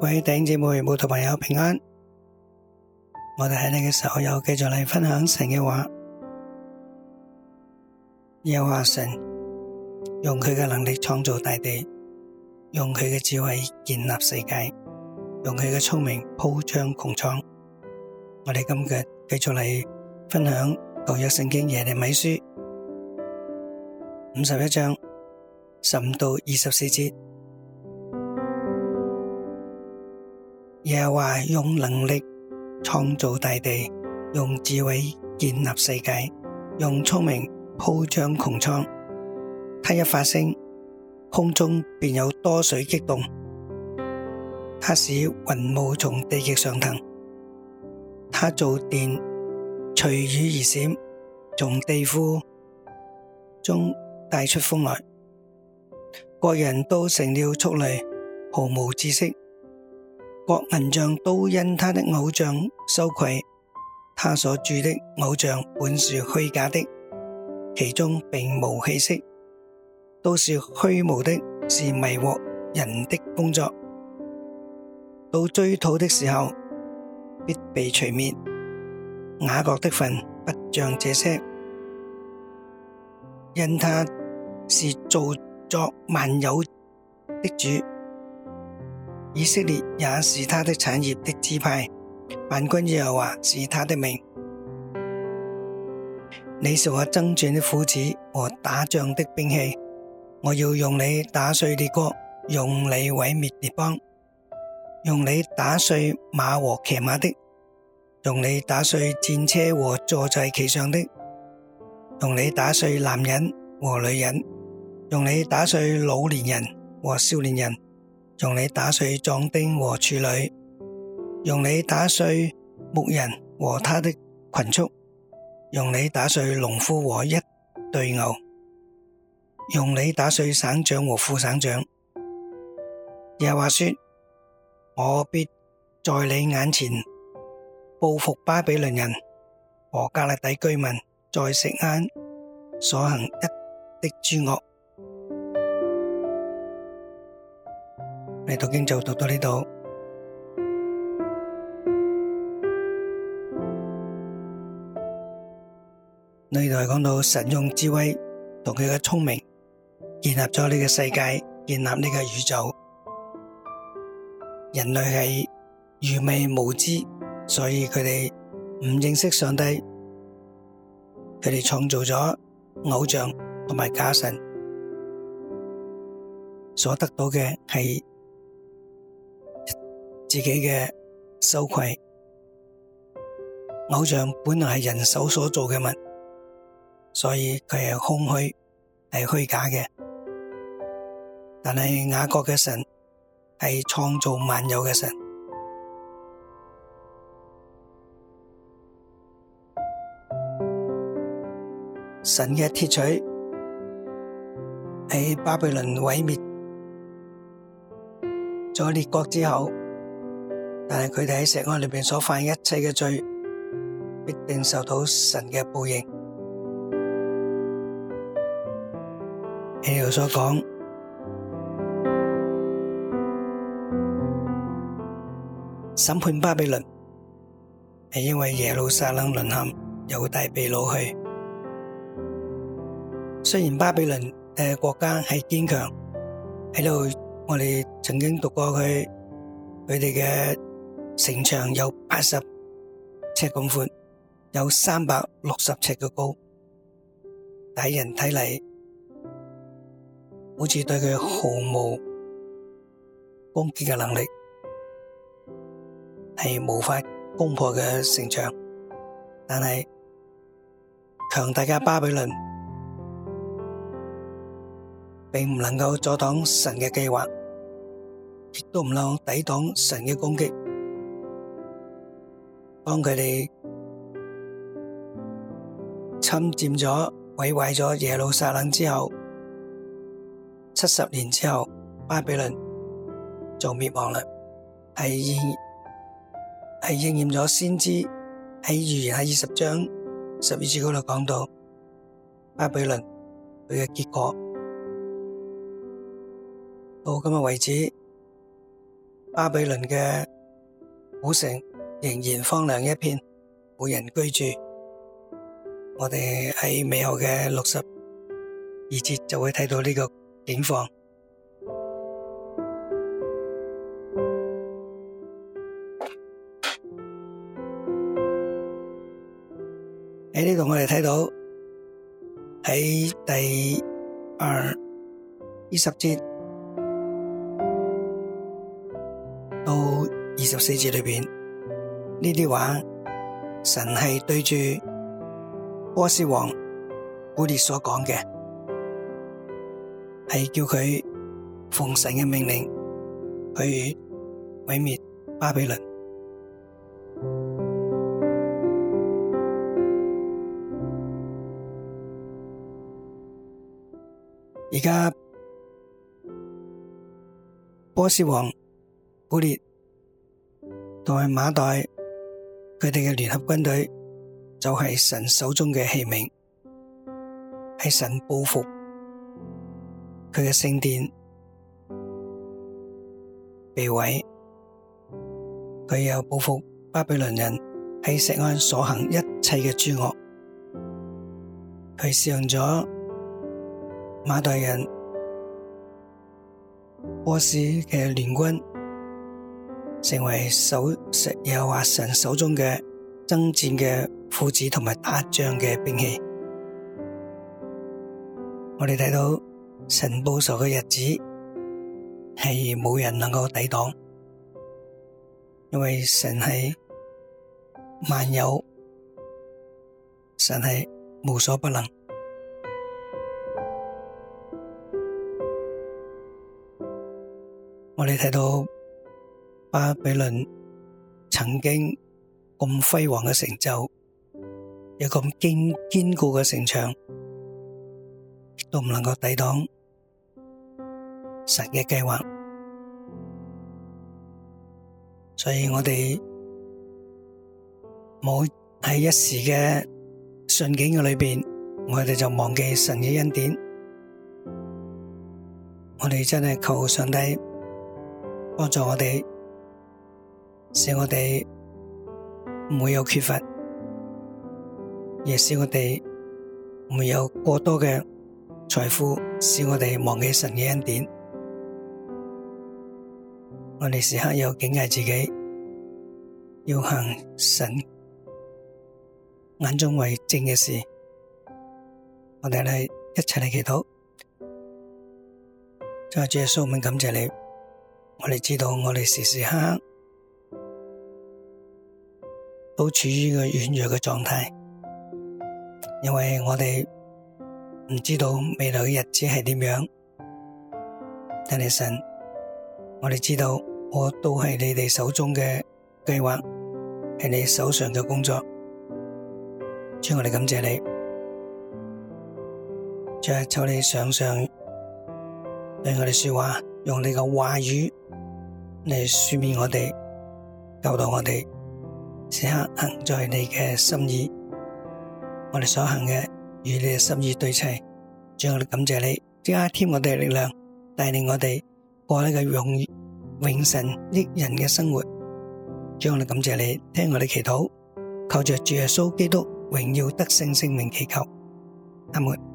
各位弟兄姊妹、信徒朋友平安，我哋喺呢個時候又繼續嚟分享神嘅話，又話神用佢嘅能力創造大地，用佢嘅智慧建立世界，用佢嘅聰明鋪張穹蒼。我哋今日繼續嚟分享舊約聖經耶利米書五十一章十五到二十四節。也話用能力創造大地，用智慧建立世界，用聰明鋪張穹蒼。他一發聲，空中便有多水激動；他使雲霧從地極上騰；他造電隨雨而閃；從地庫中帶出風來。各人都成了畜類，毫無知識。各銀匠都因他的偶像羞愧，他所鑄的偶像本是虛假的，其中並無氣息，都是虛無的，是迷惑人的工作。到追討的時候，必被除滅。雅各的份不像這些，因他是造作萬有的主。以色列也是他的產業的支派，萬軍之耶和華是他的名。你是我征戰的斧子和打仗的兵器，我要用你打碎列國，用你毀滅列邦，用你打碎馬和騎馬的，用你打碎戰車和坐在其上的，用你打碎男人和女人，用你打碎老年人和少年人。用你打碎壯丁和處女，用你打碎牧人和他的群畜，用你打碎農夫和一對牛，用你打碎省長和副省長。又話說，我必在你眼前報復巴比倫人和迦勒底居民在錫安所行一的諸惡。你讀經就讀到呢度，呢度係講到神用智慧同佢嘅聰明建立咗呢個世界，建立呢個宇宙。人類係愚昧無知，所以佢哋唔認識上帝，佢哋創造咗偶像同埋假神，所得到嘅係。自己嘅羞愧，偶像本來係人手所做嘅物，所以佢係空虛，係虛假嘅。但係雅各嘅神係創造萬有嘅神，神嘅鐵錘喺巴比倫毀滅咗列國之後。但係佢哋喺石岸裏邊所犯一切嘅罪，必定受到神嘅報應。耶和華所講審判巴比倫，係因為耶路撒冷淪陷，猶大被擄去。雖然巴比倫嘅國家係堅強，喺度我哋曾經讀過佢佢哋嘅。城牆有八十尺咁闊，有三百六十尺嘅高，喺人睇嚟，好似對佢毫無攻擊嘅能力，係無法攻破嘅城牆。但係強大嘅巴比倫並唔能夠阻擋神嘅計劃，亦都唔能夠抵擋神嘅攻擊。當佢哋侵佔咗、毀壞咗耶路撒冷之後，七十年之後，巴比倫就滅亡啦。係應，係應驗咗先知喺預言喺二十章十二節嗰度講到巴比倫佢嘅結果。到今日為止，巴比倫嘅古城。仍然荒涼一片，冇人居住。我哋喺尾後嘅六十二節就會睇到呢個景況。喺呢度我哋睇到喺第二二十節到二十四節裏邊。呢啲話，神係對住波斯王古列所講嘅，係叫佢奉神嘅命令去毀滅巴比倫。而家波斯王古列同埋馬代佢哋嘅聯合軍隊就係神手中嘅器皿，係神報復佢嘅聖殿被毀，佢又報復巴比倫人喺錫安所行一切嘅諸惡，佢使用咗馬代人、波斯嘅聯軍。成為手食又或神手中嘅爭戰嘅斧子同埋打仗嘅兵器。我哋睇到神報仇嘅日子係冇人能夠抵擋，因為神係萬有，神係無所不能。我哋睇到。巴比倫曾經咁輝煌嘅成就，有咁堅堅固嘅城牆，都唔能夠抵擋神嘅計劃。所以我哋冇喺一時嘅順境嘅裏邊，我哋就忘記神嘅恩典。我哋真係求上帝幫助我哋。使我哋唔會有缺乏，亦使我哋唔會有過多嘅財富，使我哋忘記神嘅恩典。我哋時刻要警戒自己，要行神眼中為正嘅事。我哋嚟一齊嚟祈禱，主耶穌，我哋感謝你。我哋知道，我哋時時刻刻。都處於個軟弱嘅狀態，因為我哋唔知道未來嘅日子係點樣。但係神，我哋知道，我都係你哋手中嘅計劃，係你手上嘅工作。主，我哋感謝你，再求你常常對我哋說話，用你嘅話語嚟赦免我哋，教導我哋。此刻行在你嘅心意，我哋所行嘅與你嘅心意對齊，將我哋感謝你，即刻添我哋嘅力量帶領我哋過呢個永永神益人嘅生活，將我哋感謝你，聽我哋祈禱，靠着主耶穌基督榮耀得勝聖名祈求，阿門。